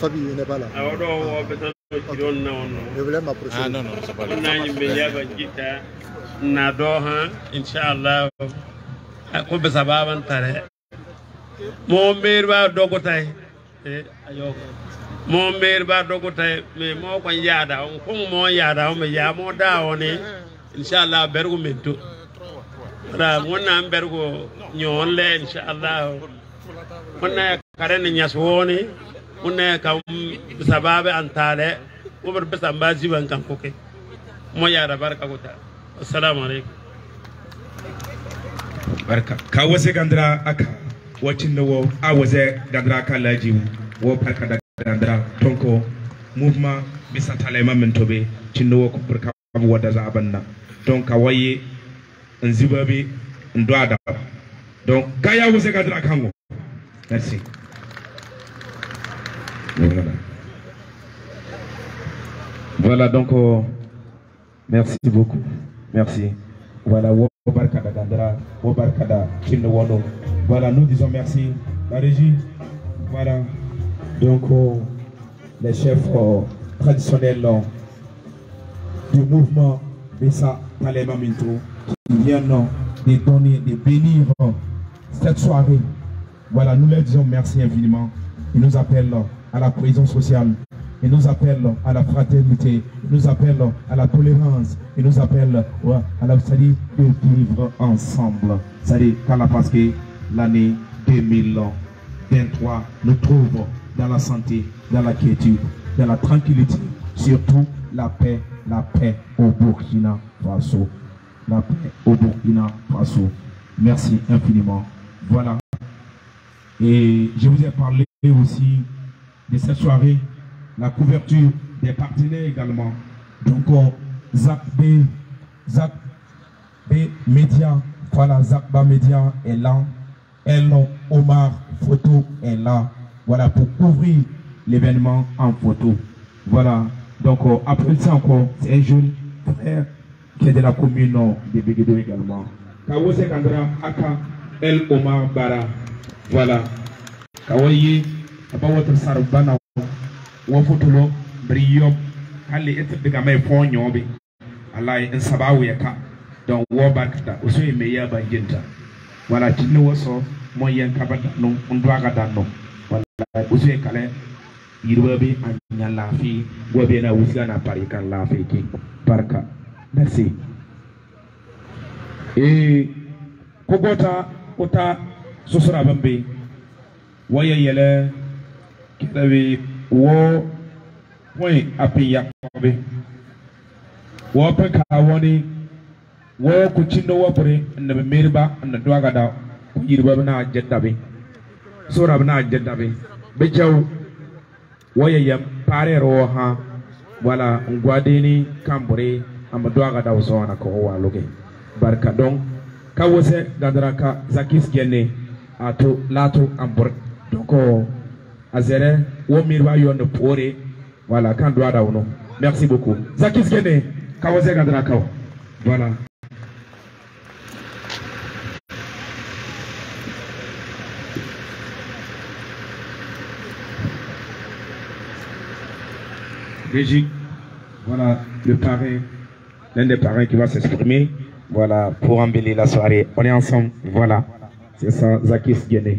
fabi ne bala awodo wo beto kiron na wonno ne bele ma prochain ah non non ça parle na yimbe yaba jita na do ha inshallah ko be sababan tare mo mer ba dogo tay e ayo mo mer ba dogo tay me mo ko yada on ko mo yada on me ya mo da woni inshallah Bergo mento. to ra wonna bergu nyon le inshallah wonna kare ni nyas woni une kam sababe antale ubar bisan ba jiban kan kuke mu yara barka guta assalamu alaikum barka ka wase gandara aka watin da wo a wase gandara ka laji wo barka da gandara tonko movement bisa talaiman min tobe tin da wo ku barka abuwa da za abanna don ka waye in zibabe in do adaba don ka ya wase gandara wo merci Voilà. donc, oh, merci beaucoup. Merci. Voilà, oh, oh, Voilà, nous disons merci. La régie, voilà. Donc, les chefs traditionnels du mouvement Bessa Talema Minto qui viennent de donner, de bénir cette soirée. Voilà, nous leur disons merci infiniment. Ils nous appellent à la cohésion sociale. et nous appelle à la fraternité, nous appelle à la tolérance, et nous appelle à la solidarité de vivre ensemble. C'est-à-dire qu'à l'année 2023 nous trouve dans la santé, dans la quiétude, dans la tranquillité, surtout la paix, la paix au Burkina Faso. La paix au Burkina Faso. Merci infiniment. Voilà. Et je vous ai parlé aussi de cette soirée, la couverture des partenaires également. Donc, euh, ZAC B, ZAC B Média, voilà, ZAC B Média est là. Elle, Omar Photo est là. Voilà, pour couvrir l'événement en photo. Voilà, donc euh, ça encore, c'est un jeune frère qui est de la commune euh, de Béguédo également. Kawose Kandra Aka El Omar Bara. Voilà. abawoto sarubana wofotolo biriyom hali ete biga mai fon nyobi alai in sabawu ya ka don wo barkata uso yi mai yaba jinta wala tinni waso mo yen kaba no undwa ga danno wala uso yi kale yirwa bi anya lafi gobe na wusiya na parika lafi ki barka merci eh kogota uta susura bambe waya yele isabi wɔ wɔn apɛnya kɔbe wɔpɛ kaa wɔne wɔɔ kɔkyi no wɔpere na mmeriba na do agada yiriba bi na agye dabe sora bi na agye dabe bɛkyɛw wɔyɛ yɛm paare yɛrɛ wɔ ha wala ngwadeni kambore amadu agada wosɔn na kɔhɔ wa loge barika dɔn ka wosɛ dadara ka zakis gɛnɛ ato lato ambor dɔkɔɔ. Azere, au miroir, il Voilà, quand doit Merci beaucoup. Zakis Gene, Kawazé Gadrakao. Voilà. Régis, voilà le parrain, l'un des parrains qui va s'exprimer, voilà, pour embellir la soirée. On est ensemble, voilà. C'est ça, Zakis Gene.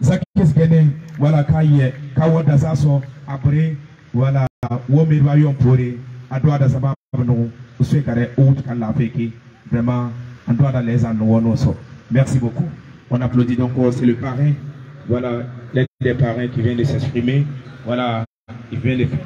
zakisigɛlen wala Kaye, yɛ Zaso, wɔ wala wo mi ba yɔn poore a do a vraiment Adouada les a da merci beaucoup on applaudit donc oh, c'est le parrain voilà l'un des parrains qui vient de s'exprimer voilà il vient de